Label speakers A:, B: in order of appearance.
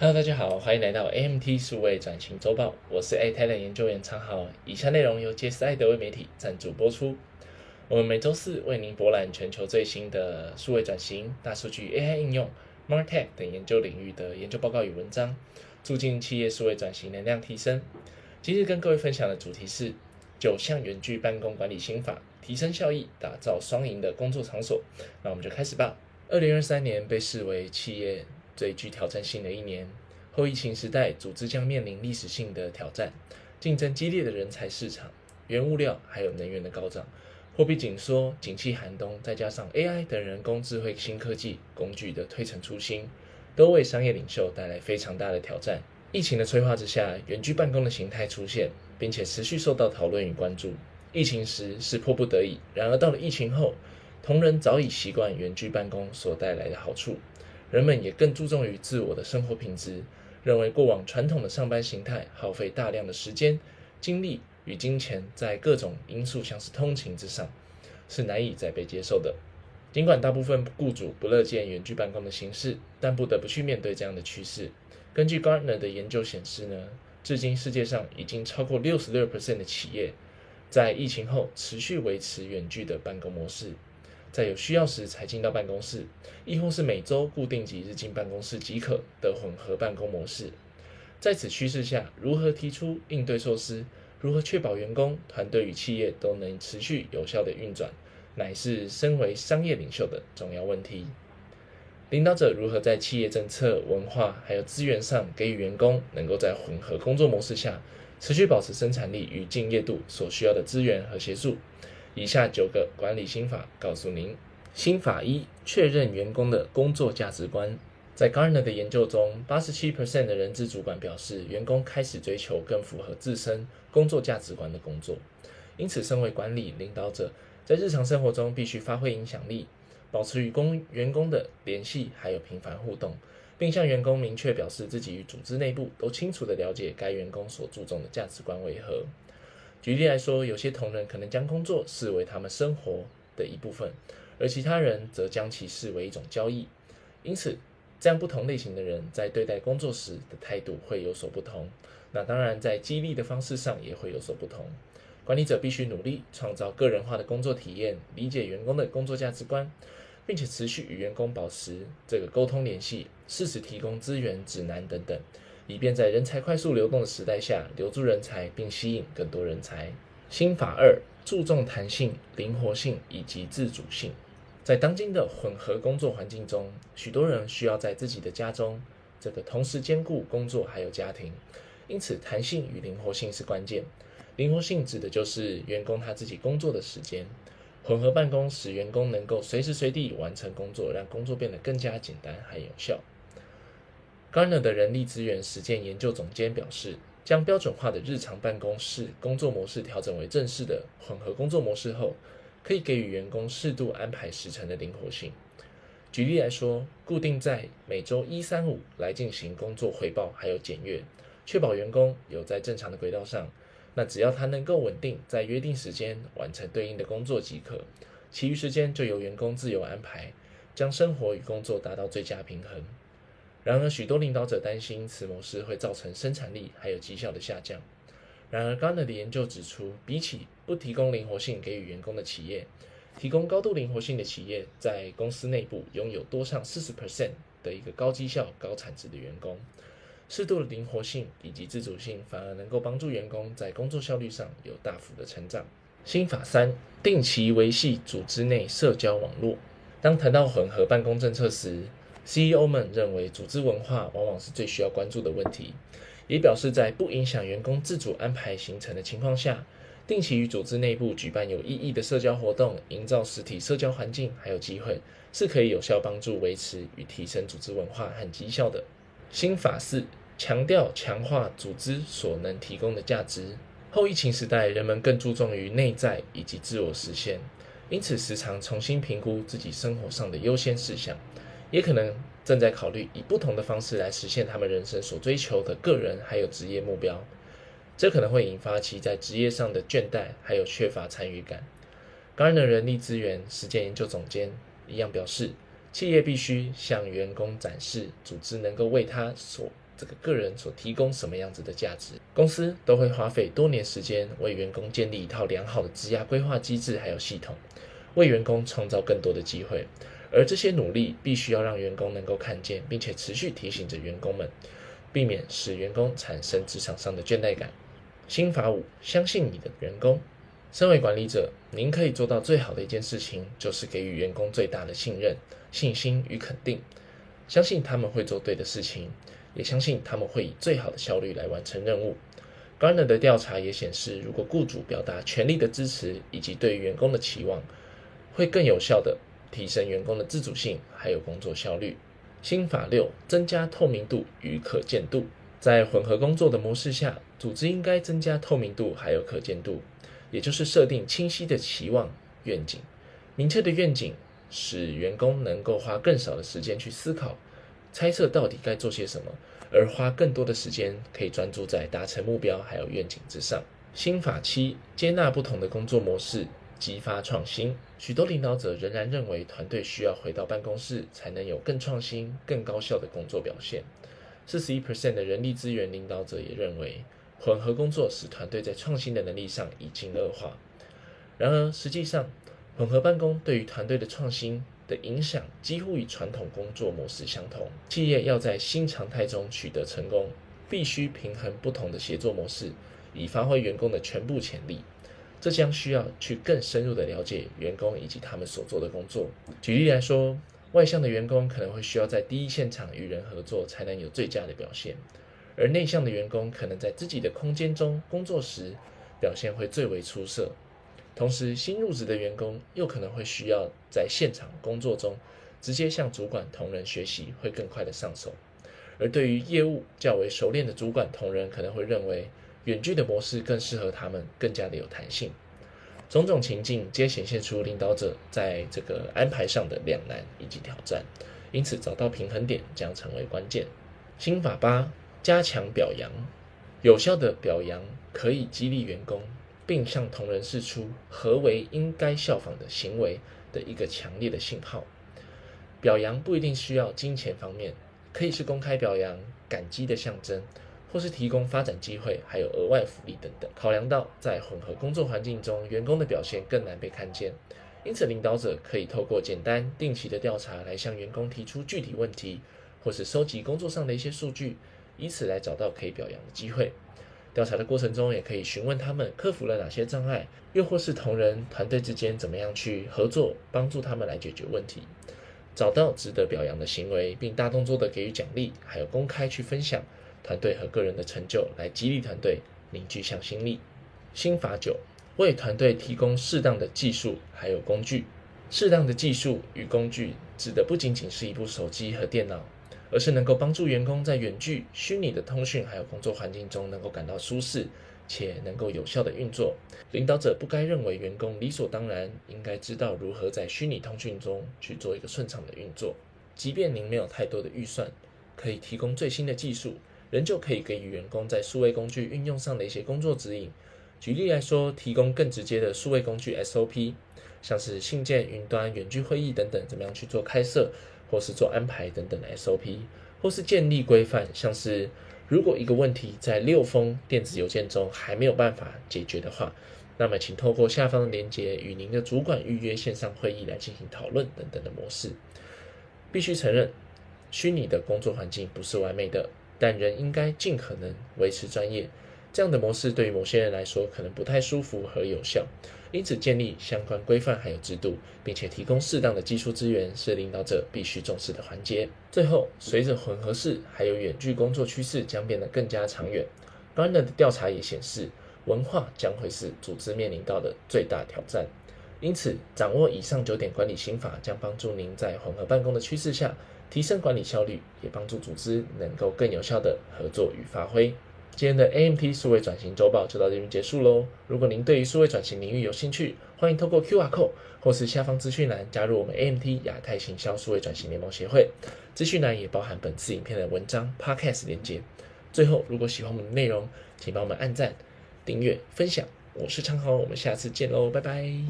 A: Hello，大家好，歡迎來到 AMT 數位轉型週報，我是 iTalent 研究員常浩。以下內容由傑斯愛德威媒體贊助播出。我們每週四為您博覽全球最新的數位轉型、大數據、AI 應用、MarTech 等研究領域的研究報告與文章，促進企業數位轉型能量提升。今日跟各位分享的主題是九項遠距辦公管理心法，提升效益，打造雙贏的工作場所。那我們就開始吧。二零二三年被視為企業。最具挑戰性的一年，後疫情時代，組織將面臨歷史性的挑戰：競爭激烈的人才市場、原物料還有能源的高漲、貨幣緊縮、景氣寒冬，再加上 AI 等人工智慧新科技工具的推陳出新，都為商業領袖帶來非常大的挑戰。疫情的催化之下，遠距辦公的形態出現，並且持續受到討論與關注。疫情時是迫不得已，然而到了疫情後，同仁早已習慣遠距辦公所帶來的好處。人們也更注重於自我的生活品質，認為過往傳統的上班形態耗費大量的時間、精力與金錢，在各種因素像是通勤之上，是難以再被接受的。儘管大部分雇主不樂見遠距辦公的形式，但不得不去面對這樣的趨勢。根據 Gartner 的研究顯示呢，至今世界上已經超過六十六 percent 的企業，在疫情後持續維持遠距的辦公模式。在有需要時才進到辦公室，亦或是每週固定幾日進辦公室即可的混合辦公模式。在此趨勢下，如何提出應對措施，如何確保員工、團隊與企業都能持續有效地運轉，乃是身為商業領袖的重要問題。領導者如何在企業政策、文化還有資源上給予員工，能夠在混合工作模式下持續保持生產力與敬業度所需要的資源和協助？以下九個管理心法告訴您：心法一，確認員工的工作價值觀。在 Gartner 的研究中，87%的人資主管表示，員工開始追求更符合自身工作價值觀的工作。因此，身為管理領導者，在日常生活中必須發揮影響力，保持與工員工的聯繫，還有頻繁互動，並向員工明確表示自己與組織內部都清楚地了解該員工所注重的價值觀為何。舉例來說，有些同仁可能將工作視為他們生活的一部分，而其他人則將其視為一種交易。因此，這樣不同類型的人在對待工作時的態度會有所不同。那當然，在激勵的方式上也會有所不同。管理者必須努力創造個人化的工作體驗，理解員工的工作價值觀，並且持續與員工保持這個溝通聯繫，適時提供資源、指南等等。以便在人才快速流動的時代下留住人才，並吸引更多人才。心法二，注重彈性、靈活性以及自主性。在當今的混合工作環境中，許多人需要在自己的家中這個同時兼顧工作還有家庭，因此彈性與靈活性是關鍵。靈活性指的就是員工他自己工作的時間。混合辦公使員工能夠隨時隨地完成工作，讓工作變得更加簡單還有效。Gartner 的人力資源實踐研究總監表示，將標準化的日常辦公室工作模式調整為正式的混合工作模式後，可以給予員工適度安排時程的靈活性。舉例來說，固定在每週一、三、五來進行工作彙報還有檢閱，確保員工有在正常的軌道上。那只要他能夠穩定在約定時間完成對應的工作即可，其餘時間就由員工自由安排，將生活與工作達到最佳平衡。然而，許多領導者擔心此模式會造成生產力還有績效的下降。然而，Gartner 的研究指出，比起不提供靈活性給予員工的企業，提供高度靈活性的企業在公司內部擁有多上40%的一個高績效、高產值的員工。適度的靈活性以及自主性反而能夠幫助員工在工作效率上有大幅的成長。心法三：定期維繫組織內社交網絡。當談到混合辦公政策時，CEO 們認為，組織文化往往是最需要關注的問題，也表示在不影響員工自主安排行程的情況下，定期與組織內部舉辦有意義的社交活動，營造實體社交環境還有機會，是可以有效幫助維持與提升組織文化和績效的。心法四，強調強化組織所能提供的價值。後疫情時代，人們更注重於內在以及自我實現，因此時常重新評估自己生活上的優先事項。也可能正在考慮以不同的方式來實現他們人生所追求的個人還有職業目標，這可能會引發其在職業上的倦怠，還有缺乏參與感。Gartner 人力資源實踐研究總監一樣表示，企業必須向員工展示組織能夠為他所這個個人所提供什麼樣子的價值。公司都會花費多年時間為員工建立一套良好的職業規劃機制還有系統，為員工創造更多的機會。而這些努力必須要讓員工能夠看見，並且持續提醒着員工們，避免使員工產生職場上的倦怠感。心法五：相信你的員工。身為管理者，您可以做到最好的一件事情，就是給予員工最大的信任、信心與肯定，相信他們會做對的事情，也相信他們會以最好的效率來完成任務。Gartner 的調查也顯示，如果雇主表達全力的支持以及對員工的期望，會更有效的。的提升員工的自主性，還有工作效率。心法六，增加透明度與可見度。在混合工作的模式下，組織應該增加透明度還有可見度，也就是設定清晰的期望願景。明確的願景，使員工能夠花更少的時間去思考、猜測到底該做些什麼，而花更多的時間可以專注在達成目標還有願景之上。心法七，接納不同的工作模式。激發創新，許多領導者仍然認為團隊需要回到辦公室才能有更創新、更高效的工作表現。四十一 percent 的人力資源領導者也認為，混合工作使團隊在創新的能力上已經惡化。然而，實際上，混合辦公對於團隊的創新的影響幾乎與傳統工作模式相同。企業要在新常態中取得成功，必須平衡不同的協作模式，以發揮員工的全部潛力。這將需要去更深入的了解員工以及他們所做的工作。舉例來說，外向的員工可能會需要在第一現場與人合作才能有最佳的表現，而內向的員工可能在自己的空間中工作時表現會最為出色。同時，新入職的員工又可能會需要在現場工作中直接向主管、同仁學習，會更快的上手。而對於業務較為熟練的主管、同仁可能會認為。遠距的模式更適合他們，更加的有彈性。種種情境皆顯現出領導者在這個安排上的兩難以及挑戰，因此找到平衡點將成為關鍵。心法八：加強表揚。有效的表揚可以激勵員工，並向同仁釋出何為應該效仿的行為的一個強烈的信號。表揚不一定需要金錢方面，可以是公開表揚、感激的象徵。或是提供發展機會，還有額外福利等等。考量到在混合工作環境中，員工的表現更難被看見，因此領導者可以透過簡單定期的調查來向員工提出具體問題，或是收集工作上的一些數據，以此來找到可以表揚的機會。調查的過程中，也可以詢問他們克服了哪些障礙，又或是同仁團隊之間怎麼樣去合作，幫助他們來解決問題，找到值得表揚的行為，並大動作的給予獎勵，還有公開去分享。團隊和個人的成就來激勵團隊凝聚向心力。心法九，為團隊提供適當的技術還有工具。適當的技術與工具指的不僅僅是一部手機和電腦，而是能夠幫助員工在遠距虛擬的通訊還有工作環境中能夠感到舒適，且能夠有效的運作。領導者不該認為員工理所當然應該知道如何在虛擬通訊中去做一個順暢的運作。即便您沒有太多的預算，可以提供最新的技術，仍舊可以給予員工在數位工具運用上的一些工作指引。舉例來說，提供更直接的數位工具 SOP，像是信件、雲端、遠距會議等等，怎麼樣去做開設，或是做安排等等的 SOP，或是建立規範，像是如果一個問題在六封電子郵件中還沒有辦法解決的話，那麼請透過下方的鏈接與您的主管預約線上會議來進行討論等等的模式。必須承認，虛擬的工作環境不是完美的。但人應該盡可能維持專業，這樣的模式對於某些人來說可能不太舒服和有效。因此，建立相關規範還有制度，並且提供適當的技術資源，是領導者必須重視的環節。最後，隨着混合式還有遠距工作趨勢將變得更加長遠，Gartner 的調查也顯示，文化將會是組織面臨到的最大挑戰。因此，掌握以上九點管理心法，將幫助您在混合辦公的趨勢下，提升管理效率，也幫助組織能夠更有效的合作與發揮。今天的 AMT 數位轉型週報就到這邊結束嘍。如果您對於數位轉型領域有興趣，歡迎透過 QR Code 或是下方資訊欄加入我們 AMT 亞太行銷數位轉型聯盟協會。資訊欄也包含本次影片的文章、Podcast 連結。最後，如果喜歡我們的內容，請幫我們按讚、訂閱、分享。我是昌豪，我們下次見嘍，拜拜。